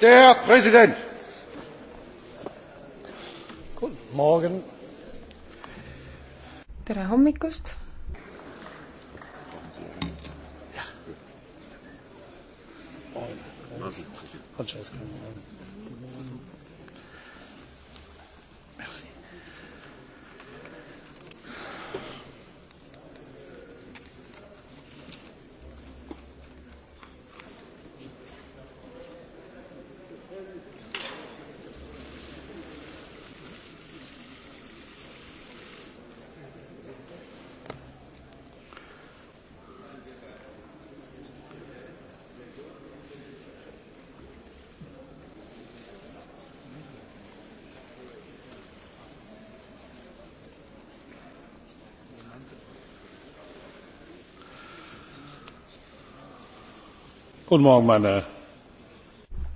Der Präsident! Guten Morgen! tere hommikust!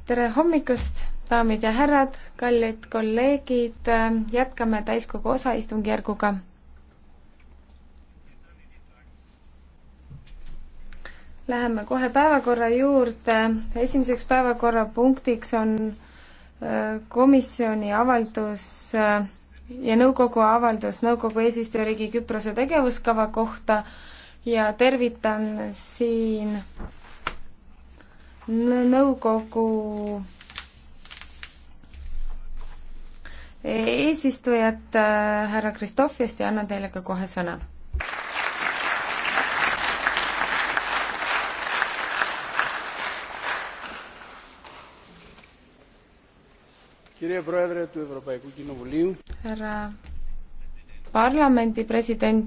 tere hommikust, daamid ja härrad, kallid kolleegid, jätkame täiskogu osaistungjärguga. Läheme kohe päevakorra juurde, esimeseks päevakorrapunktiks on äh, komisjoni avaldus äh, ja nõukogu avaldus nõukogu eesistujariigi Küprose tegevuskava kohta ja tervitan siin nõukogu eesistujat äh, härra Kristofjast ja annan teile ka kohe sõna. härra parlamendi president,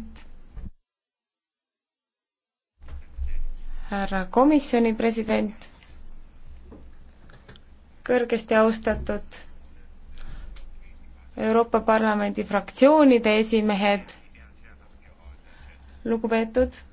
härra komisjoni president kõrgesti austatud Euroopa Parlamendi fraktsioonide esimehed, lugupeetud